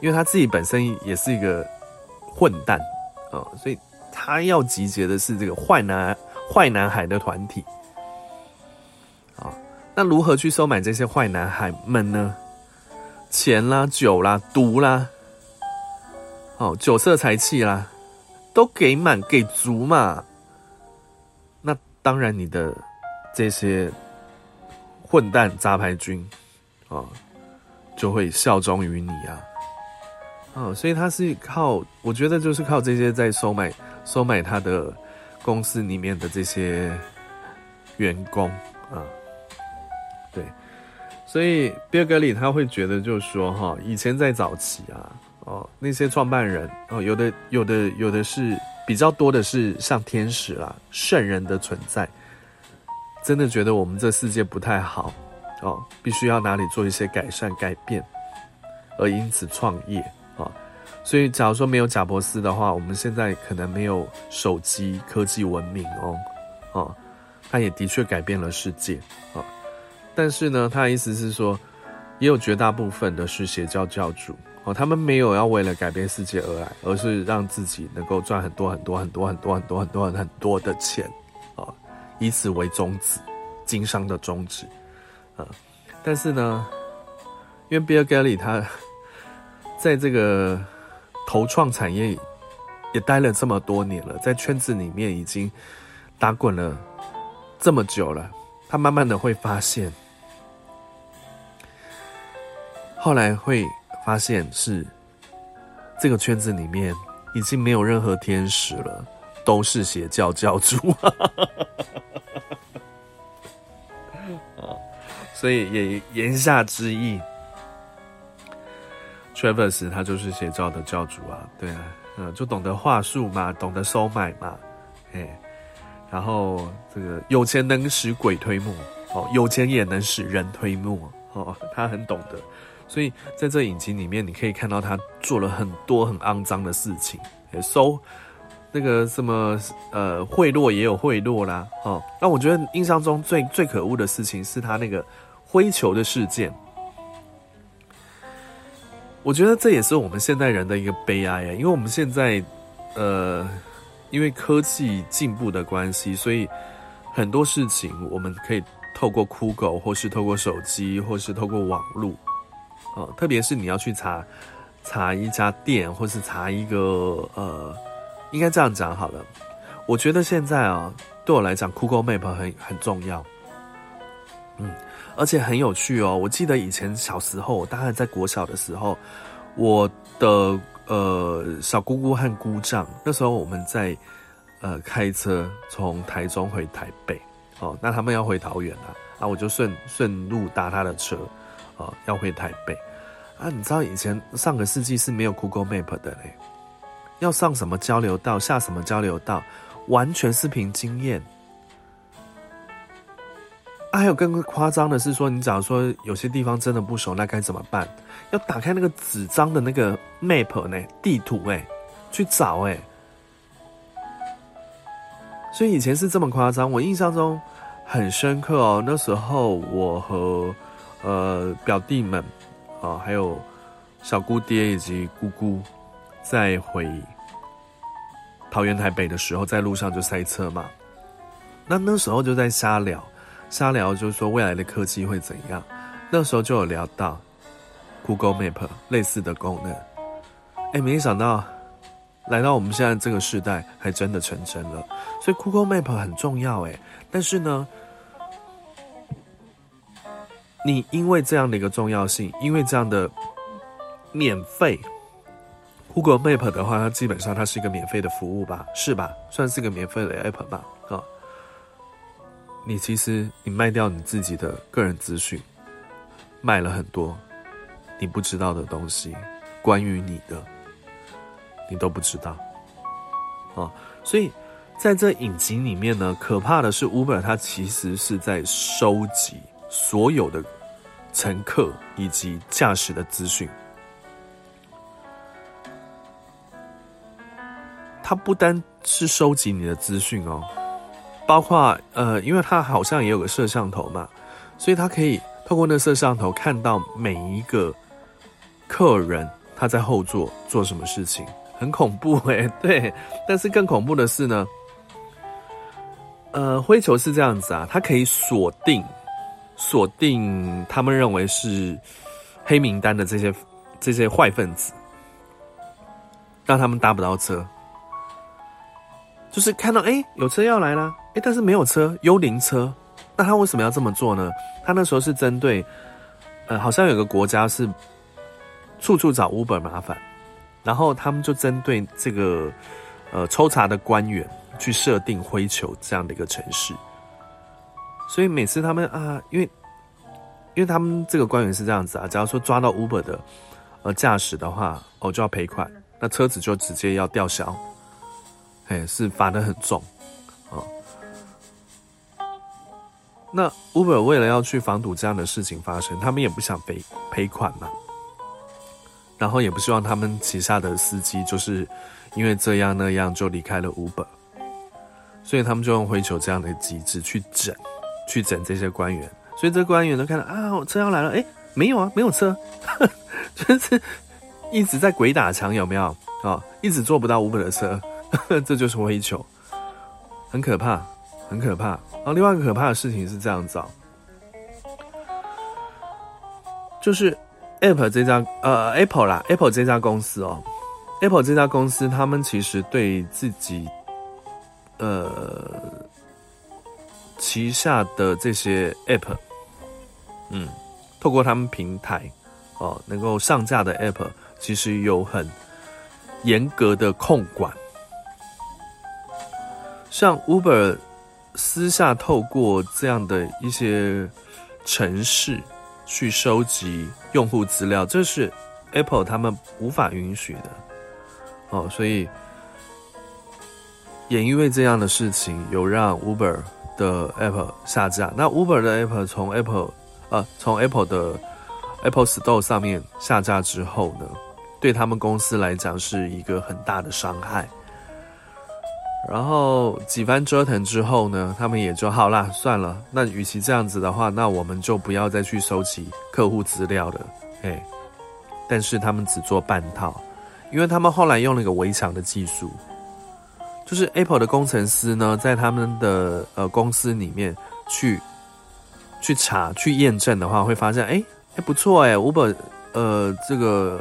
Speaker 1: 因為他自己本身也是一個。混蛋，啊、哦，所以他要集結的是這個壞男壞男孩的團體，啊、哦，那如何去收買這些壞男孩們呢？錢啦，酒啦，毒啦，哦，酒色財氣啦，都給滿給足嘛，那當然你的這些混蛋雜牌軍，啊、哦，就會效忠於你啊。哦，所以他是靠，我覺得就是靠這些在收買、收買他的公司裡面的這些員工啊，對，所以 Bill Gurley 他會覺得就是說哈，以前在早期啊，哦，那些創辦人哦，有的、有的、有的是比較多的是像天使啦、啊、聖人的存在，真的覺得我們這世界不太好哦，必須要哪裡做一些改善、改變，而因此創業。所以，假如說沒有賈伯斯的話，我們現在可能沒有手機科技文明哦，哦，他也的確改變了世界啊、哦。但是呢，他的意思是說，也有絕大部分的是邪教教主哦，他們沒有要為了改變世界而來，而是讓自己能夠賺很多很多很多很多很多很多很多的錢啊、哦，以此為宗旨，經商的宗旨啊、哦。但是呢，因為 Bill Gates 他在這個。投創產業也待了這麼多年了，在圈子裡面已經打滾了這麼久了，他慢慢的會發現，後來會發現是這個圈子裡面已經沒有任何天使了，都是邪教教主 所以也言下之意。Travis，他就是邪教的教主啊，對啊，嗯，就懂得話術嘛，懂得收買嘛，誒，然後這個有錢能使鬼推磨，哦，有錢也能使人推磨，哦，他很懂得，所以在這影集裡面，你可以看到他做了很多很骯髒的事情，誒，收那個什麼呃賄賂也有賄賂啦，哦，那我覺得印象中最最可惡的事情是他那個灰球的事件。我覺得這也是我們現代人的一個悲哀呀，因為我們現在，呃，因為科技進步的關係，所以很多事情我們可以透過 Google，或是透過手機，或是透過網絡，哦、呃，特別是你要去查查一家店，或是查一個，呃，應該這樣講好了。我覺得現在啊、哦，對我來講，Google Map 很很重要，嗯。而且很有趣哦！我記得以前小時候，我大概在國小的時候，我的呃小姑姑和姑丈，那時候我們在呃開車從台中回台北，哦，那他們要回桃園了，啊，那我就順順路搭他的車，啊、哦，要回台北，啊，你知道以前上個世紀是沒有 Google Map 的嘞，要上什麼交流道，下什麼交流道，完全是憑經驗。啊，還有更誇張的是說，說你假如說有些地方真的不熟，那該怎麼辦？要打開那個紙張的那個 map 呢？地圖誒，去找誒。所以以前是這麼誇張，我印象中很深刻哦。那時候我和呃表弟們，啊、呃，還有小姑爹以及姑姑，在回桃園台北的時候，在路上就塞車嘛。那那時候就在瞎聊。瞎聊就是說未來的科技會怎樣？那時候就有聊到 Google Map 類似的功能，哎、欸，沒想到來到我們現在這個時代，還真的成真了。所以 Google Map 很重要、欸，哎，但是呢，你因為這樣的一個重要性，因為這樣的免費，Google Map 的話，它基本上它是一個免費的服務吧，是吧？算是一個免費的 App 吧？你其實你賣掉你自己的個人資訊，賣了很多你不知道的東西，關於你的，你都不知道啊、哦！所以在這影集裡面呢，可怕的是 Uber，它其實是在收集所有的乘客以及駕駛的資訊，它不單是收集你的資訊哦。包括呃，因為他好像也有個攝像頭嘛，所以他可以透過那攝像頭看到每一個客人他在後座做什麼事情，很恐怖誒，對，但是更恐怖的是呢，呃，灰球是這樣子啊，他可以鎖定鎖定他們認為是黑名單的這些這些壞分子，讓他們搭不到車，就是看到誒、欸，有車要來了。誒，但是沒有車，幽靈車。那他為什麼要這麼做呢？他那時候是針對，呃，好像有個國家是處處找 Uber 麻煩，然後他們就針對這個呃抽查的官員去設定灰球這樣的一個程序。所以每次他們啊，因為因為他們這個官員是這樣子啊，只要說抓到 Uber 的呃駕駛的話，我、哦、就要賠款，那車子就直接要吊銷，嘿，是罰的很重。那 Uber 為了要去防堵這樣的事情發生，他們也不想賠賠款嘛，然後也不希望他們旗下的司機就是因為這樣那樣就離開了 Uber，所以他們就用灰球這樣的機制去整，去整這些官員。所以這官員都看到啊，我車要來了，誒，沒有啊，沒有車， 就是一直在鬼打牆，有沒有啊、哦？一直坐不到 Uber 的車， 這就是灰球，很可怕。很可怕。然、哦、後，另外一個可怕的事情是這樣子哦，就是 Apple 這家呃 Apple 啦 Apple 這家公司哦，Apple 這家公司，他們其實對自己呃旗下的這些 App，嗯，透過他們平台哦、呃、能夠上架的 App，其實有很嚴格的控管，像 Uber。私下透過這樣的一些程式，去收集用戶資料，這是 Apple 他們無法允許的哦。所以也因為這樣的事情，有讓 Uber 的 App 下架。那 Uber 的 App 從 App，呃，從 Apple 的 App Store 上面下架之後呢，對他們公司來講是一個很大的傷害。然後幾番折騰之後呢，他們也就好啦。算了，那與其這樣子的話，那我們就不要再去收集客戶資料了。哎、欸，但是他們只做半套，因為他們後來用了一個圍牆的技術，就是 Apple 的工程師呢，在他們的呃公司裡面去去查去驗證的話，會發現哎還、欸欸、不錯哎 Uber 呃這個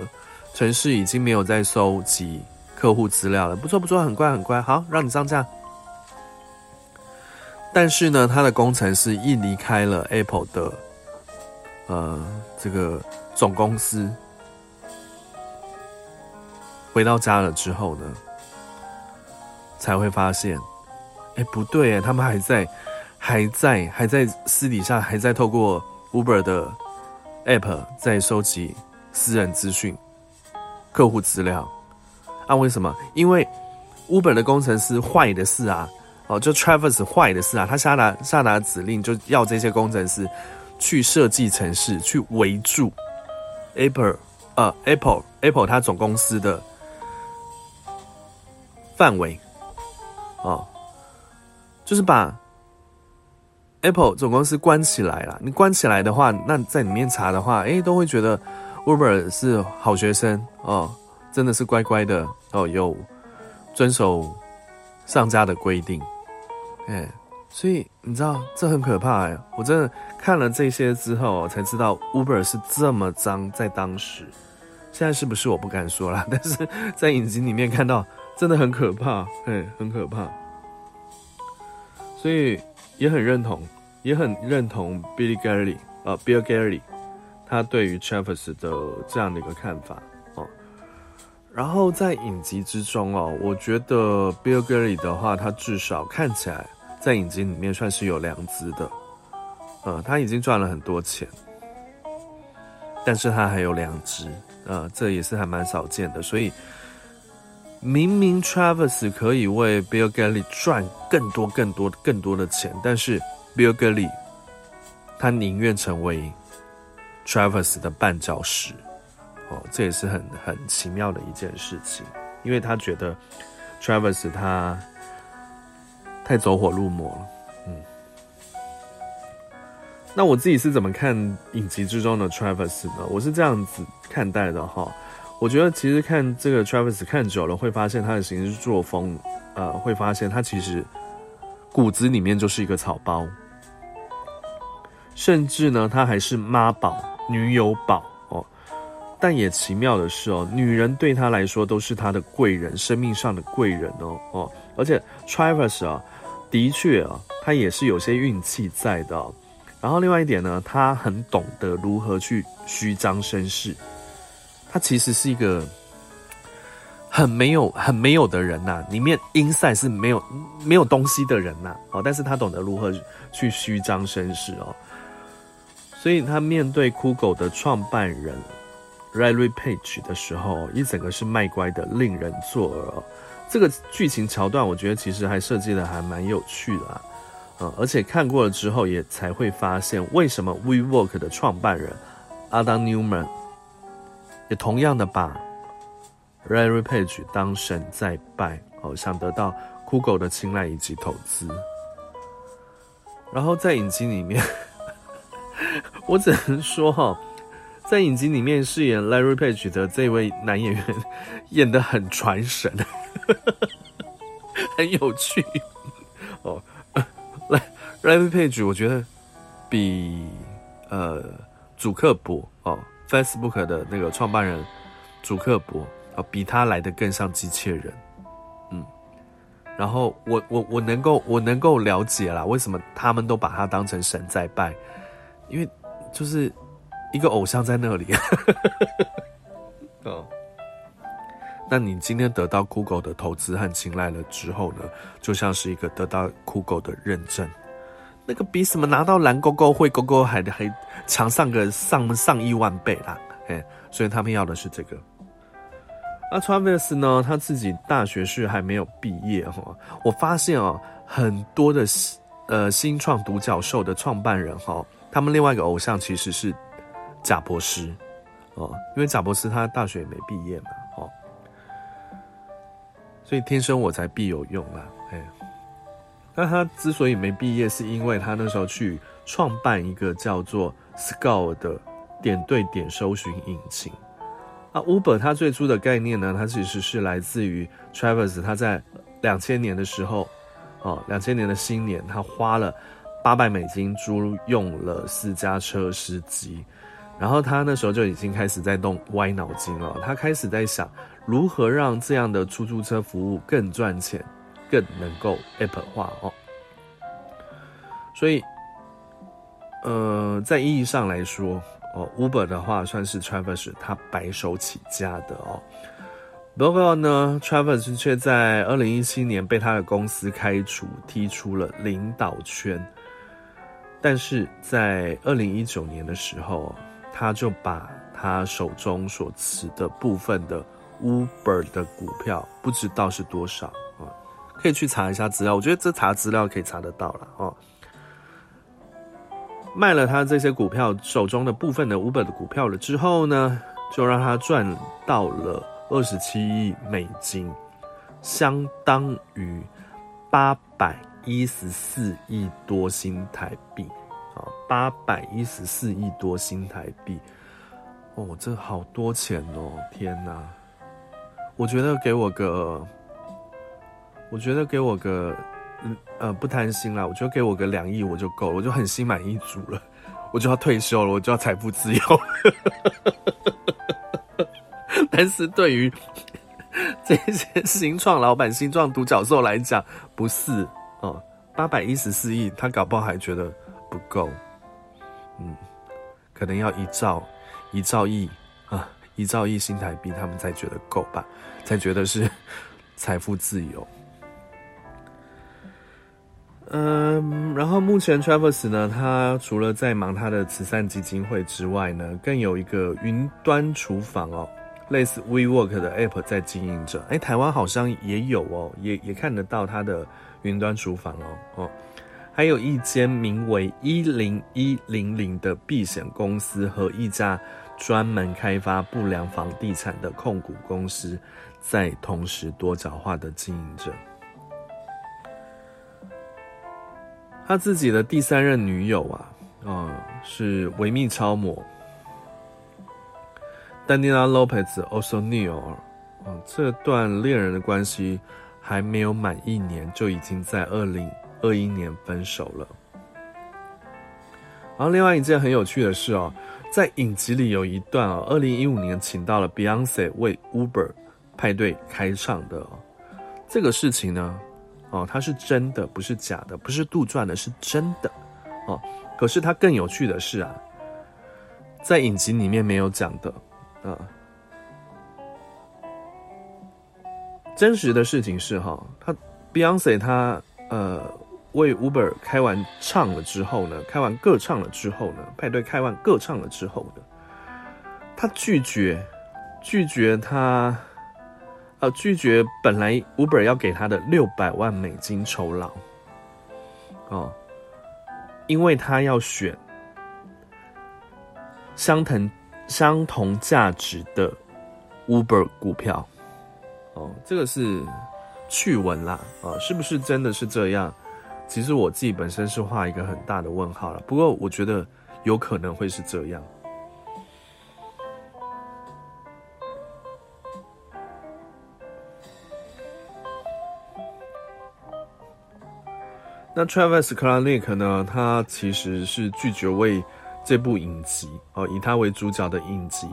Speaker 1: 城市已經沒有在收集客戶資料了，不錯不錯，很乖很乖，好，讓你上架。但是呢，他的工程師一離開了 Apple 的呃這個總公司，回到家了之後呢，才會發現，哎，不對哎，他們還在，還在，還在私底下還在透過 Uber 的 App 在收集私人資訊、客戶資料。那、啊、為什麼？因為 Uber 的工程師壞的事啊，哦，就 Travis 壞的事啊，他下達下達指令，就要這些工程師去設計城市，去圍住 Apple，呃 Apple，呃，Apple，Apple 它總公司的範圍，哦，就是把 Apple 總公司關起來了。你關起來的話，那在裡面查的話，誒，都會覺得 Uber 是好學生，哦。真的是乖乖的哦，有遵守上家的規定，哎、欸，所以你知道這很可怕、欸。我真的看了這些之後才知道，Uber 是這麼髒。在當時，現在是不是我不敢說了，但是在影集裡面看到真的很可怕，很、欸、很可怕。所以也很認同，也很認同 Billy Garry、啊、Bill Garry 啊，Bill Garry 他對於 Travis 的這樣的一個看法。然後在影集之中哦，我覺得 Bill Gurley 的話，他至少看起來在影集裡面算是有良知的，呃、嗯，他已經賺了很多錢，但是他還有良知，呃、嗯，這也是還蠻少見的。所以明明 Travis 可以為 Bill Gurley 賺更多、更多、更多的錢，但是 Bill Gurley 他寧願成為 Travis 的絆腳石。哦，這也是很很奇妙的一件事情，因為他覺得 Travis 他太走火入魔了，嗯。那我自己是怎麼看影集之中的 Travis 呢？我是這樣子看待的哈，我覺得其實看這個 Travis 看久了，會發現他的行事作風，呃，會發現他其實骨子裡面就是一個草包，甚至呢，他還是媽寶，女友寶。但也奇妙的是哦，女人對他來說都是他的貴人，生命上的貴人哦哦，而且 Travis 啊、哦，的確啊、哦，他也是有些運氣在的、哦。然後另外一點呢，他很懂得如何去虛張聲勢。他其實是一個很沒有、很沒有的人吶、啊，裡面 inside 是沒有、沒有東西的人吶、啊。哦，但是他懂得如何去虛張聲勢哦，所以他面對酷狗的創辦人，Larry Page 的時候，一整個是賣乖的，令人作嘔。這個劇情橋段，我覺得其實還設計的還蠻有趣的、啊，嗯，而且看過了之後，也才會發現為什麼 WeWork 的創辦人阿當紐曼、也同樣的把 Larry Page 當神在拜哦、嗯，想得到 Google 的青睞以及投資。然後在影集裡面， 我只能說哈、哦。在影集裡面飾演 Larry Page 的這位男演員，演得很傳神， 很有趣哦。Oh, uh, Larry Page 我覺得比呃，祖克伯哦，oh, Facebook 的那個創辦人祖克伯哦，oh, 比他來的更像機器人。嗯，然後我我我能夠我能夠了解啦，為什麼他們都把他當成神在拜，因為就是。一個偶像在那裡，哦，那你今天得到 Google 的投資和青睞了之後呢，就像是一個得到 Google 的認證，那個比什麼拿到藍勾勾、灰勾勾還的還強上個上上億萬倍啦。嘿，所以他們要的是這個。那 Travis 呢，他自己大學是還沒有畢業齁，我發現哦，很多的呃新呃新創獨角獸的創辦人哈，他們另外一個偶像其實是。賈伯斯，哦，因為賈伯斯他大學也沒畢業嘛，哦，所以天生我材必有用啦，啊，哎，那他之所以沒畢業，是因為他那時候去創辦一個叫做 Scour 的點對點搜尋引擎。啊，Uber 它最初的概念呢，它其實是來自於 Travis，他在兩千年的時候，哦，兩千年的新年，他花了八百美金租用了私家車司機。然後他那時候就已經開始在動歪腦筋了，他開始在想如何讓這樣的出租車服務更賺錢，更能夠 Apple 化哦。所以，呃，在意義上來說，哦，Uber 的話算是 Travis 他白手起家的哦。不過呢，Travis 卻在二零一七年被他的公司開除，踢出了領導圈。但是在二零一九年的時候，哦。他就把他手中所持的部分的 Uber 的股票，不知道是多少啊，可以去查一下資料。我覺得這查資料可以查得到啦。哦。賣了他這些股票手中的部分的 Uber 的股票了之後呢，就讓他賺到了二十七億美金，相當於八百一十四億多新台幣。八百一十四億多新台幣，哦，這好多錢哦！天哪，我覺得給我個，我覺得給我個，嗯呃，不貪心啦，我覺得給我個兩億我就夠了，我就很心滿意足了，我就要退休了，我就要財富自由。 但是對於這些新創老闆、新創獨角獸來講，不是啊，八百一十四億，他搞不好還覺得。不夠，嗯，可能要一兆，一兆億啊，一兆億新台幣，他們才覺得夠吧，才覺得是財富自由。嗯，然後目前 Travis 呢，他除了在忙他的慈善基金會之外呢，更有一個雲端廚房哦，類似 WeWork 的 App 在經營着。誒，台灣好像也有哦，也也看得到他的雲端廚房哦，哦。還有一間名為“一零一零零”的避險公司和一家專門開發不良房地產的控股公司，在同時多角化的經營着。他自己的第三任女友啊，嗯，是維密超模丹尼拉·洛佩斯·奧索尼爾，嗯，這段戀人的關係還沒有滿一年，就已經在二零。二一年分手了，然後另外一件很有趣的事哦，在影集裡有一段哦，二零一五年請到了 Beyonce 為 Uber 派對開唱的，哦、這個事情呢，哦，它是真的，不是假的，不是杜撰的，是真的哦。可是它更有趣的是啊，在影集裡面沒有講的啊、呃，真實的事情是哈、哦，他 Beyonce 他呃。為 Uber 開完唱了之後呢，開完個唱了之後呢，派對開完個唱了之後呢，他拒絕，拒絕他，呃、拒絕本來 Uber 要給他的六百萬美金酬勞，哦，因為他要選相同相同價值的 Uber 股票，哦，這個是趣聞啦，啊、哦，是不是真的是這樣？其實我自己本身是畫一個很大的問號啦，不過我覺得有可能會是這樣。那 Travis Kalanick 呢？他其實是拒絕為這部影集哦，以他為主角的影集，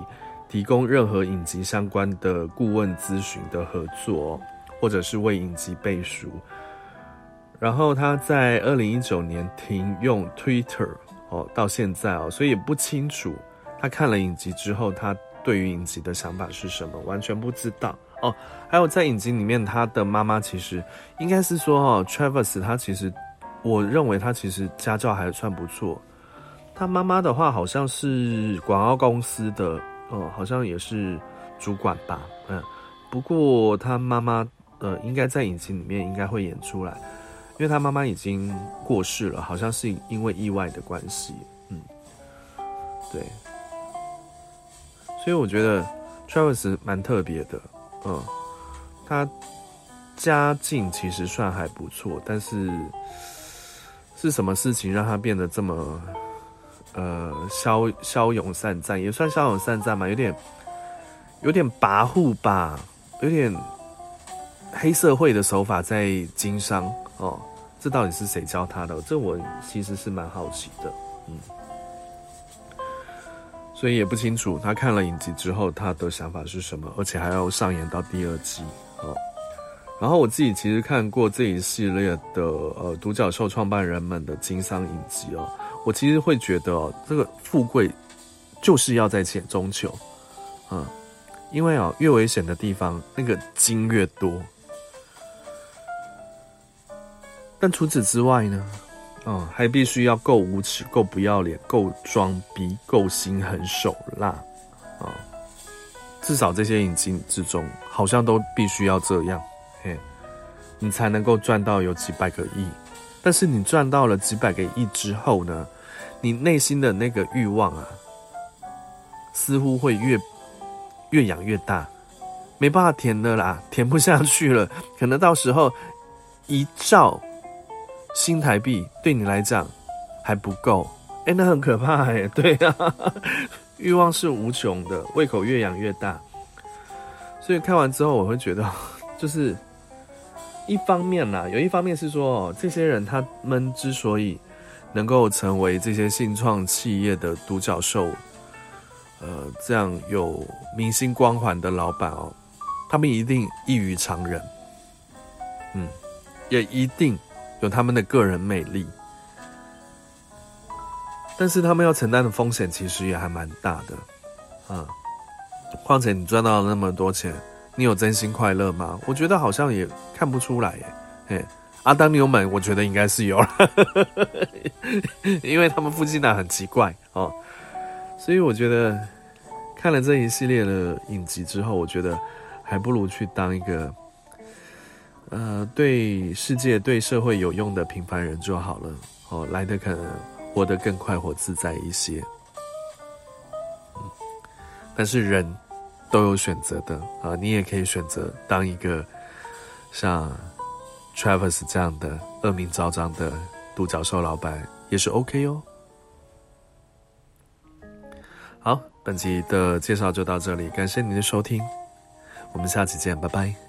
Speaker 1: 提供任何影集相關的顧問諮詢的合作，或者是為影集背書。然後他在二零一九年停用 Twitter 哦，到現在哦，所以也不清楚他看了影集之後，他對於影集的想法是什麼，完全不知道哦。還有在影集裡面，他的媽媽其實應該是說哦 Travis 他其實，我認為他其實家教還算不錯。他媽媽的話好像是廣告公司的哦、呃，好像也是主管吧，嗯。不過他媽媽呃，應該在影集裡面應該會演出來。因為他媽媽已經過世了，好像是因為意外的關係，嗯，對，所以我覺得 Travis 蠻特別的，嗯，他家境其實算還不錯，但是是什麼事情讓他變得這麼呃驍驍勇善戰，也算驍勇善戰吧，有點有點跋扈吧，有點黑社會的手法在經商。哦，這到底是誰教他的？這我其實是蠻好奇的，嗯，所以也不清楚他看了影集之後他的想法是什麼，而且還要上演到第二季，哦。然後我自己其實看過這一系列的呃獨角獸創辦人們的經商影集哦，我其實會覺得哦，這個富貴就是要在險中求，嗯，因為哦越危險的地方那個金越多。但除此之外呢？嗯，還必須要夠無恥、夠不要臉、夠裝逼、夠心狠手辣啊、嗯！至少這些影集之中，好像都必須要這樣，嘿，你才能夠賺到有幾百個億。但是你賺到了幾百個億之後呢？你內心的那個慾望啊，似乎會越越養越大，沒辦法填的啦，填不下去了。可能到時候一兆。新台幣對你來講還不夠，哎，那很可怕哎。對啊， 慾望是無窮的，胃口越養越大。所以看完之後，我會覺得，就是一方面啦，有一方面是說，哦，這些人他們之所以能夠成為這些新創企業的獨角獸，呃，這樣有明星光環的老闆哦，他們一定異於常人，嗯，也一定。有他們的個人魅力，但是他們要承擔的風險其實也還蠻大的，啊、嗯！況且你賺到那麼多錢，你有真心快樂嗎？我覺得好像也看不出來耶。哎，亞當紐曼，我覺得應該是有 因為他們夫妻倆很奇怪哦。所以我覺得看了這一系列的影集之後，我覺得還不如去當一個。呃，對世界、對社會有用的平凡人就好了哦，來的可能活得更快活、自在一些。嗯，但是人都有選擇的啊，你也可以選擇當一個像 Travis 這樣的惡名昭彰的獨角獸老板，也是 OK 哦。好，本期的介紹就到這裡，感謝您的收聽，我們下期見，拜拜。